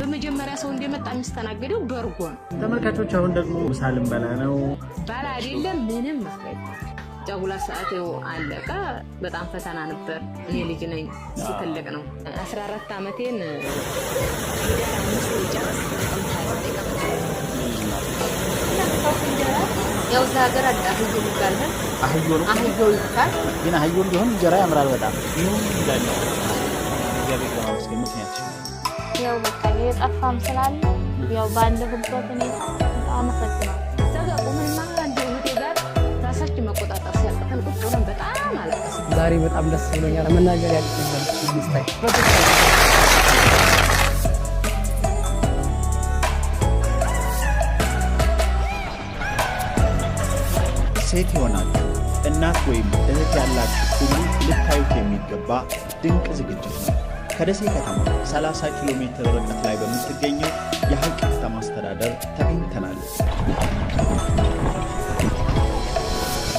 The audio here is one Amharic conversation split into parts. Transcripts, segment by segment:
በመጀመሪያ ሰው እንደመጣ የሚስተናገደው በርጎ ነው። ተመልካቾች አሁን ደግሞ ምሳ ልንበላ ነው። ባላ አይደለም ምንም ጫጉላ ሰዓት አለቀ። በጣም ፈተና ነበር። እኔ ልጅ ነኝ፣ ሲትልቅ ነው። 14 ዓመቴን ያው እዛ ሀገር አዳ አህዮ ይባላል። አህዮ ነው አህዮ ይባላል። ግን አህዮም ቢሆን እንጀራ ያምራል በጣም ምንም ይሁን እንዳለው እግዚአብሔር ለማመስገን ምክንያት ያው በቃ ስላለ ያው ባለሁበት ሁኔታ በጣም መቆጣጠር ዛሬ በጣም ደስ ብሎኛል። መናገር ሴት ይሆናል እናት ወይም እህት ያላችሁ ሁሉ ልታዩት የሚገባ ድንቅ ዝግጅት ነው። ከደሴ ከተማ 30 ኪሎ ሜትር ርቀት ላይ በምትገኘው የሀይቅ ከተማ አስተዳደር ተገኝተናል።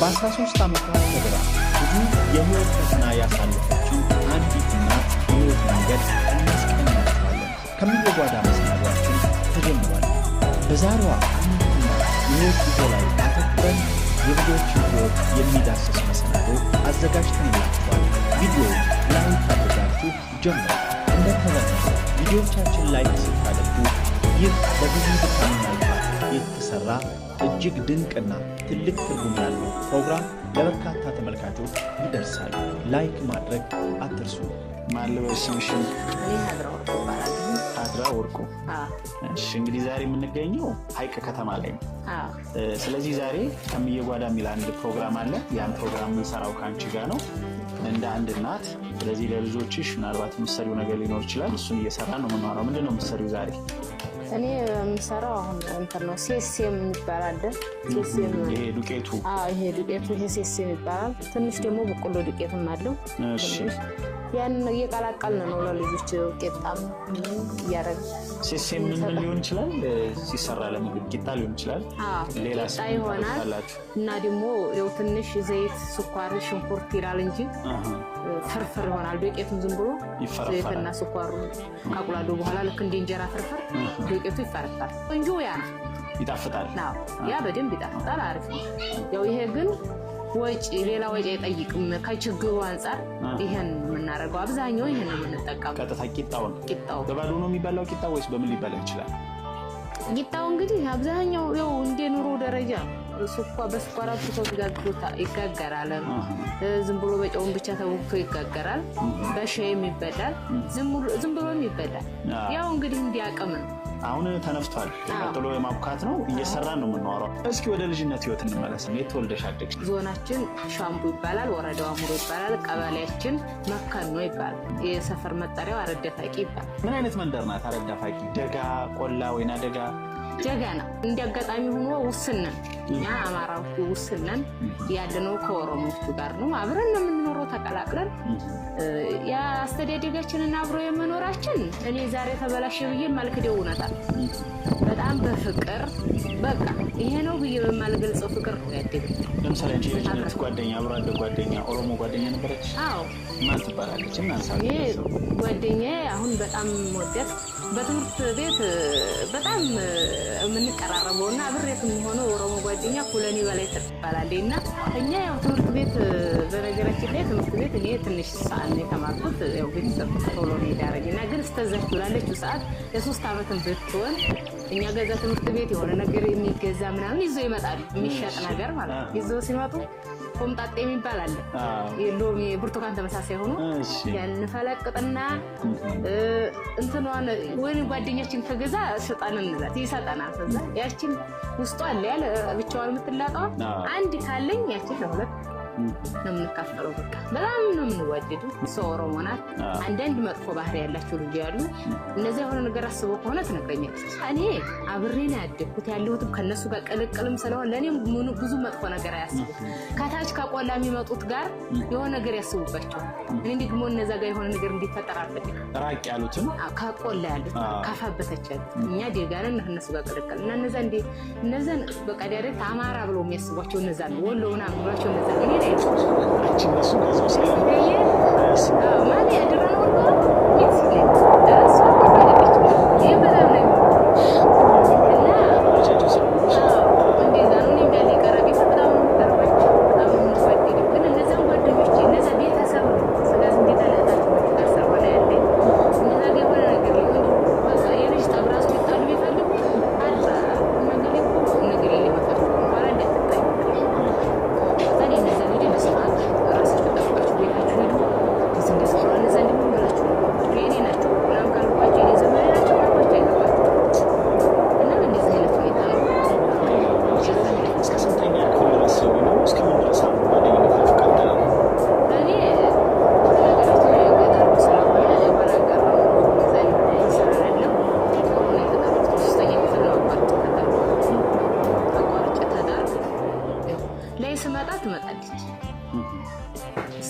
በ13 ዓመቷ ተግራ ብዙ የህይወት ፈተና ያሳለፈችው አንዲት እናት የህይወት መንገድ እናስቀኛቸዋለን ከሚወጓዳ መሰናዷችን ተጀምሯል። በዛሬዋ አንዲትና የህይወት ጉዞ ላይ አተኩረን የብዙዎችን ህይወት የሚዳስስ መሰናዶ አዘጋጅተንላችኋል። ቪዲዮ ማድረጋችሁ ጀምሩ። እንደተለመደው ቪዲዮቻችን ላይክ ስታደርጉ ይህ በብዙ ድካምና ልፋት የተሰራ እጅግ ድንቅና ትልቅ ትርጉም ያለው ፕሮግራም ለበርካታ ተመልካቾች ይደርሳል። ላይክ ማድረግ አትርሱ። ማለበስምሽን አድራ ወርቁ። እሺ እንግዲህ ዛሬ የምንገኘው ሀይቅ ከተማ ላይ ነው። ስለዚህ ዛሬ ከምየጓዳ የሚል አንድ ፕሮግራም አለ። ያን ፕሮግራም የምንሰራው ከአንቺ ጋር ነው እንደ አንድ እናት ስለዚህ ለልጆችሽ ምናልባት የምትሰሪው ነገር ሊኖር ይችላል። እሱን እየሰራ ነው የምንማረው። ምንድን ነው የምትሰሪው ዛሬ እኔ የምሰራው አሁን እንትን ነው ሴሴም የሚባል አለ። ይሄ ዱቄቱ ይሄ ዱቄቱ ይሄ ሴሴም ይባላል። ትንሽ ደግሞ በቆሎ ዱቄትም አለው። ያን እየቀላቀል ነው ለልጆች ቄጣም እያደረግ ሴሴ ምን ሊሆን ይችላል ሲሰራ ለምግብ ቂጣ ሊሆን ይችላል። ሌላ ቂጣ ይሆናል እና ደግሞ ያው ትንሽ ዘይት፣ ስኳር፣ ሽንኩርት ይላል እንጂ ፍርፍር ይሆናል። ዱቄቱም ዝም ብሎ ዘይትና ስኳሩ ካቁላዶ በኋላ ልክ እንደ እንጀራ ፍርፍር ዱቄቱ ይፈረፈራል። ቆንጆ ያ ነው ይጣፍጣል። ያ በደንብ ይጣፍጣል። አሪፍ ያው ይሄ ግን ወጪ ሌላ ወጪ አይጠይቅም። ከችግሩ አንጻር ይሄን የምናደርገው አብዛኛው ይሄን ነው የምንጠቀመው። ቀጥታ ቂጣው ነው ቂጣው በባዶ ነው የሚበላው ቂጣ ወይስ በምን ሊበላ ይችላል? ቂጣው እንግዲህ አብዛኛው ያው እንደ ኑሮ ደረጃ በስኳር አብክቶ ይጋገራል። ዝም ብሎ በጨውን ብቻ ተቦክቶ ይጋገራል። በሻይም ይበላል፣ ዝም ብሎም ይበላል። ያው እንግዲህ እንዲያቅም ነው አሁን ተነፍቷል። ቀጥሎ የማብካት ነው። እየሰራን ነው የምናወራው። እስኪ ወደ ልጅነት ህይወት እንመለስ። የት ተወልደሽ አደግሽ? ዞናችን ሻምቡ ይባላል። ወረዳው አሙሮ ይባላል። ቀበሌያችን መከኖ ይባላል። የሰፈር መጠሪያው አረዳፋቂ ይባላል። ምን አይነት መንደር ናት አረዳፋቂ? ደጋ፣ ቆላ፣ ወይና ደጋ? ጀጋ ነው። እንዲ አጋጣሚ ሆኖ ውስንን እኛ አማራዎቹ ውስን ነን ያለነው ጋር ነው። አብረን ነው የምንኖረው ተቀላቅለን። የአስተዳደጋችንና አብሮ የመኖራችን እኔ ዛሬ ተበላሸ ብዬ ማልክደው እውነታል በጣም በፍቅር በቃ ይሄ ነው ብዬ በማልገልጸው ፍቅር ነው ያደግ። ለምሳሌ አንቺ የልጅነት ጓደኛ አብሮ አደግ ጓደኛ ኦሮሞ ጓደኛ ነበረች? አዎ። ማን ትባላለች? እናንሳ ጓደኛ አሁን በጣም ወደት በትምህርት ቤት በጣም የምንቀራረበው እና ብሬት የሚሆነው ኦሮሞ ጓደኛ ኩለኒ በላይ ትባላለች። እና እኛ ያው ትምህርት ቤት በነገራችን ላይ ትምህርት ቤት እኔ ትንሽ ሰዓት ነው የተማርኩት። ያው ቤተሰብ ቶሎ ሄዳረኝ እና ግን እስተዛች ብላለችው ሰዓት የሶስት አመትን ብትሆን እኛ ገዛ ትምህርት ቤት የሆነ ነገር የሚገዛ ምናምን ይዞ ይመጣል። የሚሸጥ ነገር ማለት ነው። ይዞ ሲመጡ ሆምጣጤ የሚባል አለ። ሎሚ ብርቱካን ተመሳሳይ ሆኖ ያን ፈለቅጥና እንትኗን ወይ ጓደኛችን ከገዛ ስጠን እንላት ይሰጠናል። ከዛ ያችን ውስጧ አለ ያለ ብቻዋን የምትላጠዋ አንድ ካለኝ ያችን ለሁለት ነው የምንካፈለው። በቃ በጣም ነው የምንዋደዱ። ሰው ኦሮሞ ናት። አንዳንድ መጥፎ ባህሪ ያላቸው ልጅ ያሉ እነዚያ የሆነ ነገር አስበው ከሆነ ትነግረኛለች። እኔ አብሬ ነው ያደግኩት ያለሁትም ከነሱ ጋር ቅልቅልም ስለሆነ ለእኔም ብዙ መጥፎ ነገር አያስቡ። ከታች ከቆላ የሚመጡት ጋር የሆነ ነገር ያስቡባቸው። እኔ ደግሞ እነዛ ጋር የሆነ ነገር እንዲፈጠር አልፈልግም። ራቅ ያሉትም ከቆላ ያሉት ካፋበተች እኛ ዴጋነን ከነሱ ጋር ቅልቅል እና እነዛ እንደ እነዛን በቃ ዳይሬክት አማራ ብሎ የሚያስቧቸው እነዛ ወሎ ምናምን ብሏቸው እነዛ አንቺ እነሱ ገዛው ማለት ነው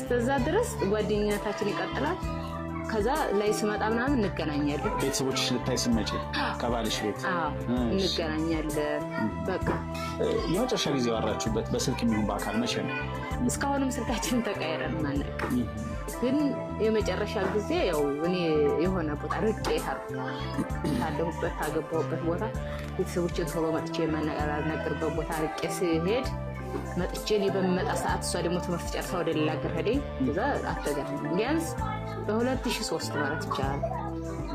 እስከዛ ድረስ ጓደኝነታችን ይቀጥላል። ከዛ ላይ ስመጣ ምናምን እንገናኛለን። ቤተሰቦችሽ ልታይ ስመጪ ከባልሽ ቤት እንገናኛለን። በቃ የመጨረሻ ጊዜ ያወራችሁበት በስልክ የሚሆን በአካል መቼ ነው? እስካሁንም ስልካችንን ተቀያይረን ማለቅ ግን የመጨረሻ ጊዜ ያው እኔ የሆነ ቦታ ርቄ ካለሁበት ካገባሁበት ቦታ ቤተሰቦችን ቶሎ መጥቼ ነገርበት ቦታ ርቄ ስሄድ መጥቼ እኔ በምመጣ ሰዓት እሷ ደግሞ ትምህርት ጨርሳ ወደ ሌላ ሀገር ሄደ። እዛ አተጋር ቢያንስ በ2003 ማለት ይቻላል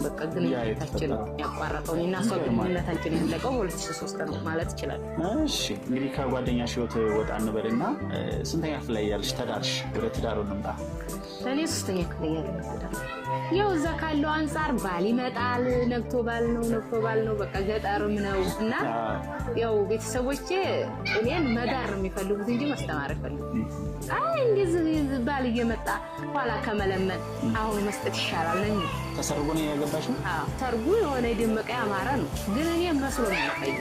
በቃ ግንኙነታችን ያቋረጠው እኔና እሷ ግንኙነታችን ያለቀው በሁለት ሺህ ሦስት ነው ማለት ይችላል። እሺ እንግዲህ ከጓደኛ ሽወት ወጣ እንበልና ስንተኛ ክፍል ላይ ያለሽ ተዳርሽ? ወደ ትዳሩ እንምጣ። እኔ ሶስተኛ ክፍል ያለ ትዳር ያው እዛ ካለው አንጻር ባል ይመጣል። ነግቶ ባል ነው ነግቶ ባል ነው በቃ ገጠርም ነው እና ያው ቤተሰቦቼ እኔን መዳር ነው የሚፈልጉት እንጂ ማስተማር አይፈልጉም። አይ እንደዚህ ባል እየመጣ ኋላ ከመለመን አሁን መስጠት ይሻላል ለኝ ተሰርጎ ነው ያገባሽው? አዎ ሰርጉ የሆነ የደመቀ ያማረ ነው፣ ግን እኔ መስሎ ነው ያቀየኝ።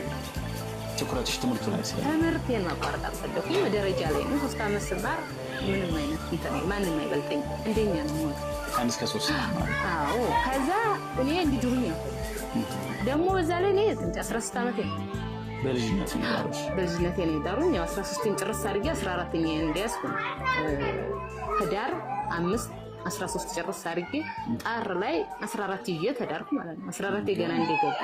ትኩረትሽ ትምህርቱ ላይ ሲሆን ትምህርቴን ማቋረጥ አልፈለኩም። ደረጃ ላይ ነው ሶስት አመት ስማር ምንም አይነት እንትን ማንም አይበልጠኝ እንደኛ ነው ሞት አንድ እስከ ሶስት አዎ። ከዛ እኔ እንዲህ ዱርኛ ደግሞ በዛ ላይ እኔ 16 አመት ነው በልጅነት በልጅነት ነው የዳሩኝ። ያው 13 አድርጌ 14 ነው እንዲያስኩ ህዳር አምስት 13 ጭርስ አድርጌ ጣር ላይ 14 ይዤ ተዳርኩ ማለት ነው። 14 የገና እንደገባ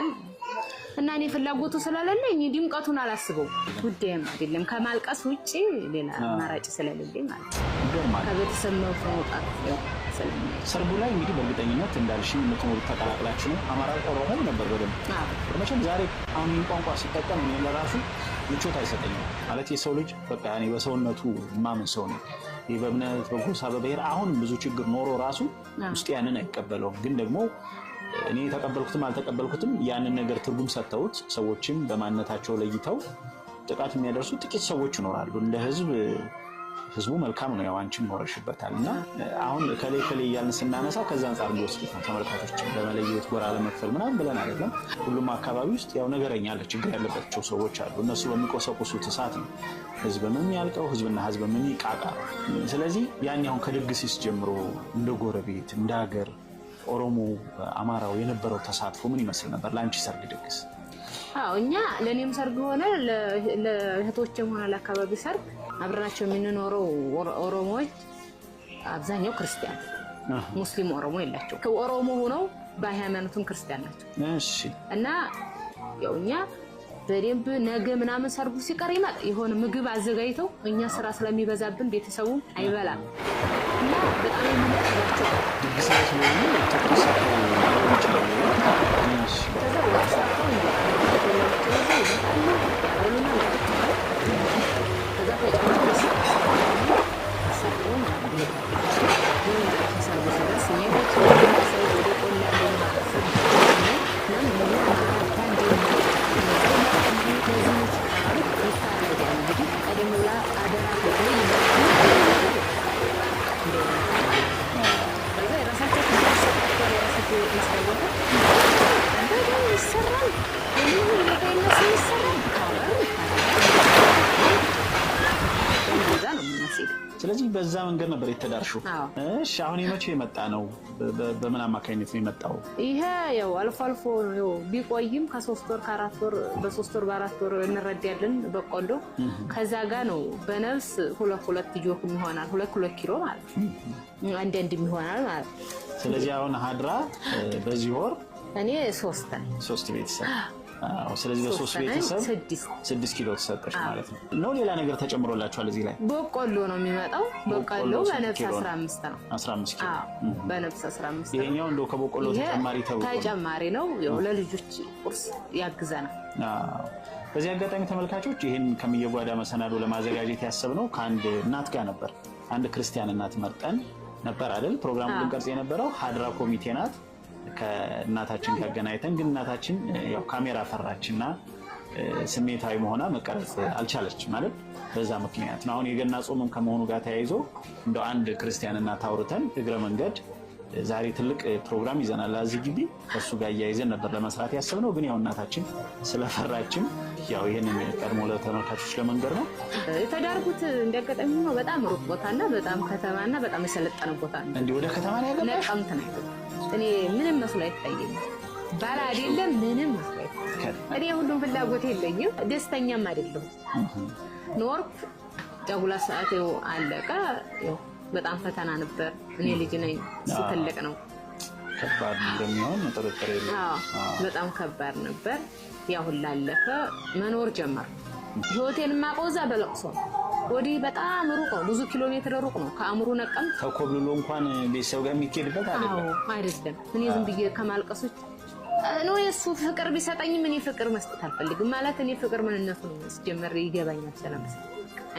እና እኔ ፍላጎቱ ስለሌለኝ ድምቀቱን አላስበው ጉዳይም አይደለም ከማልቀስ ውጪ ሌላ አማራጭ ስለሌለኝ ማለት ነው። ከቤተሰብ መውጣት ሰርጉ ላይ እንግዲህ በእርግጠኝነት እንዳልሽ ምትኖሩ ተቀላቅላችሁ ነው። አማራ ኦሮሞ ነበር በደንብ መቼም። ዛሬ አሁን ቋንቋ ሲጠቀም እኔ ለራሱ ምቾት አይሰጠኝም። ማለት የሰው ልጅ በቃ እኔ በሰውነቱ ማምን ሰው ነው። ይህ በእምነት በጎሳ በብሔር አሁንም ብዙ ችግር ኖሮ ራሱ ውስጥ ያንን አይቀበለውም። ግን ደግሞ እኔ የተቀበልኩትም አልተቀበልኩትም ያንን ነገር ትርጉም ሰጥተውት ሰዎችም በማንነታቸው ለይተው ጥቃት የሚያደርሱ ጥቂት ሰዎች ይኖራሉ እንደ ህዝብ ህዝቡ መልካም ነው። ያው አንቺም ኖረሽበታል እና አሁን ከሌ ከሌ እያልን ስናነሳ ከዛ አንጻር ሊወስዱት ነው ተመልካቾች ለመለየት ጎራ ለመክፈል ምናምን ብለን አይደለም። ሁሉም አካባቢ ውስጥ ያው ነገረኛ አለ፣ ችግር ያለባቸው ሰዎች አሉ። እነሱ በሚቆሰቁሱት እሳት ነው ህዝብ የሚያልቀው፣ ህዝብና ህዝብ የሚቃቃ። ስለዚህ ያን ያሁን ከድግሲስ ጀምሮ እንደ ጎረቤት እንደ ሀገር ኦሮሞ አማራው የነበረው ተሳትፎ ምን ይመስል ነበር ለአንቺ ሰርግ ድግስ? አዎ እኛ ለእኔም ሰርግ ሆነ ለእህቶችም ሆነ ለአካባቢ ሰርግ አብረናቸው የምንኖረው ኦሮሞዎች አብዛኛው ክርስቲያን፣ ሙስሊም ኦሮሞ የላቸው። ኦሮሞ ሆነው በሃይማኖቱም ክርስቲያን ናቸው እና ያው እኛ በደንብ ነገ ምናምን ሰርጉ ሲቀር ይመጥ የሆነ ምግብ አዘጋጅተው እኛ ስራ ስለሚበዛብን ቤተሰቡ አይበላም እና በጣም የምንቀበላቸው ድግሳት ስለሆኑ ይችላል። Thank you. መንገድ ነበር የተዳርሹ። እሺ አሁን የመቼ የመጣ ነው? በምን አማካኝነት ነው የመጣው? ይሄ ያው አልፎ አልፎ ያው ቢቆይም ከሶስት ወር ከአራት ወር በሶስት ወር በአራት ወር እንረዳያለን በቆሎ። ከዛ ጋር ነው በነብስ ሁለት ሁለት ጆክ ይሆናል ሁለት ሁለት ኪሎ ማለት አንድ አንድ አንድም ይሆናል ማለት ስለዚህ አሁን ሀድራ በዚህ ወር እኔ ሶስት ሶስት ቤተሰብ ስለዚህ በሶስት ቤተሰብ ስድስት ኪሎ ተሰጠሽ ማለት ነው። ነው ሌላ ነገር ተጨምሮላችኋል እዚህ ላይ? በቆሎ ነው የሚመጣው። በቆሎ በነብስ ነው። ኪሎ በነብስ ይሄኛው እንደው ከበቆሎ ተጨማሪ ተብሎ ተጨማሪ ነው። ለልጆች ቁርስ ያግዘናል። በዚህ አጋጣሚ ተመልካቾች ይህን ከሚየጓዳ መሰናዶ ለማዘጋጀት ያሰብነው ከአንድ እናት ጋር ነበር። አንድ ክርስቲያን እናት መርጠን ነበር አይደል? ፕሮግራሙ ልንቀርጽ የነበረው ሀድራ ኮሚቴ ናት። ከእናታችን ካገናኝተን ግን እናታችን ያው ካሜራ ፈራችና ስሜታዊ መሆና መቀረጽ አልቻለች ማለት በዛ ምክንያት ነው። አሁን የገና ጾምም ከመሆኑ ጋር ተያይዞ እንደ አንድ ክርስቲያን እናት አውርተን እግረ መንገድ ዛሬ ትልቅ ፕሮግራም ይዘናል እዚህ ግቢ። ከእሱ ጋር እያይዘን ነበር ለመስራት ያሰብነው፣ ግን ያው እናታችን ስለፈራችም ያው ይህንን ቀድሞ ለተመልካቾች ለመንገር ነው የተዳርጉት። እንዳጋጣሚ ሆኖ በጣም ሩቅ ቦታና በጣም ከተማና በጣም የሰለጠነ ቦታ ነው። እንዲህ ወደ ከተማ ነው ያገባሽ? ነቀምት ነው እኔ ምንም መስሎ አይታየኝ። ባላ አይደለም ምንም መስሎ አይታየኝ። እኔ ሁሉም ፍላጎት የለኝም፣ ደስተኛም አይደለሁም። ኖርኩ ጫጉላ ሰዓት አለቀ። በጣም ፈተና ነበር። እኔ ልጅ ነኝ፣ ስትልቅ ነው። ከባድ እንደሚሆን ጥርጥር የለም። በጣም ከባድ ነበር። ያሁን ላለፈ መኖር ጀመር። ህይወቴን ማቆዛ በለቅሶ ወዲህ በጣም ሩቅ ነው፣ ብዙ ኪሎ ሜትር ሩቅ ነው። ከአእምሮ ነቀም ተኮብልሎ እንኳን ቤተሰብ ጋር የሚኬድበት አይደለም አይደለም። እኔ ዝም ብዬ ከማልቀሶች ነው የእሱ ፍቅር ቢሰጠኝም እኔ ፍቅር መስጠት አልፈልግም። ማለት እኔ ፍቅር ምንነቱ ነው ስጀመር ይገባኛል። ስለመስ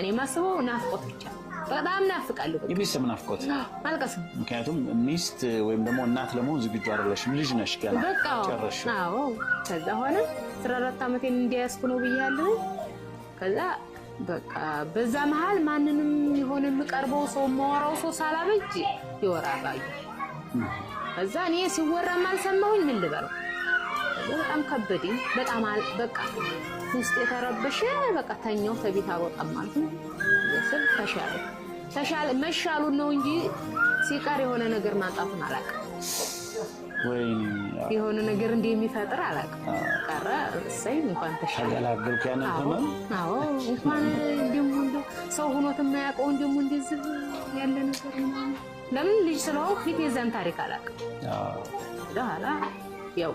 እኔ ማስበው ናፍቆት ብቻ በጣም ናፍቃለሁ። የቤተሰብ ናፍቆት ማልቀስ። ምክንያቱም ሚስት ወይም ደግሞ እናት ለመሆን ዝግጁ አይደለሽም፣ ልጅ ነሽ ገና ጨረሽ። ከዛ ሆነ አስራ አራት ዓመቴን እንዲያያዝኩ ነው ብያለሁ። ከዛ በቃ በዛ መሀል ማንንም የሆነ የምቀርበው ሰው የማወራው ሰው ሳላበጅ ይወራራሉ። ከዛ እኔ ሲወራም አልሰማሁኝ ምን ልበለው? በጣም ከበደኝ። በጣም አል በቃ ውስጥ የተረበሸ በቃ ተኛው ተቤት አልወጣም ማለት ነው። ተሻለ ተሻለ መሻሉን ነው እንጂ ሲቀር የሆነ ነገር ማጣቱን አላውቅም። የሆነ ነገር እንዲህ የሚፈጥር አላውቅም። ቀረ እሰይ እንኳን ተሻገላገልኩ ያንን ህመም እንኳን እንዲሁ ሰው ሁኖት የማያውቀው እንዲሁ እንደዚህ ያለ ነገር ለምን ልጅ ስለሆንኩ ፊት የዛን ታሪክ አላውቅም። በኋላ ያው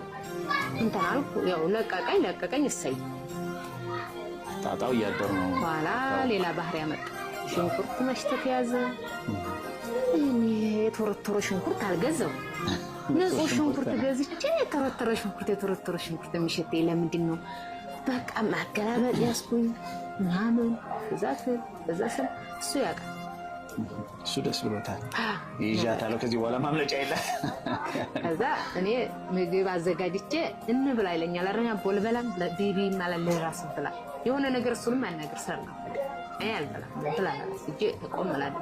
እንትን አልኩ። ያው ለቀቀኝ ለቀቀኝ እሰይ ጣጣው እያደር ነው። በኋላ ሌላ ባህር ያመጣ ሽንኩርት መሽተት ያዘ። ይህ የተወረተረ ሽንኩርት አልገዛው ንጹህ ሽንኩርት ገዝቼ የተረተረ ሽንኩርት የተረተረ ሽንኩርት የሚሸጠኝ ለምንድን ነው? በቃ ማገላበጥ ያስኩኝ ምናምን እዛት እዛ ስል እሱ ያውቃል። እሱ ደስ ብሎታል። ይዣታለሁ ከዚህ በኋላ ማምለጫ የለም። ከዛ እኔ ምግብ አዘጋጅቼ እንብላ ይለኛል። አረኛ ቦልበላም ቢቢ ማላለ ራስ ብላ የሆነ ነገር እሱንም አናገር ሰር ነው አይ አልበላ ብላ እጄ ተቆምላለ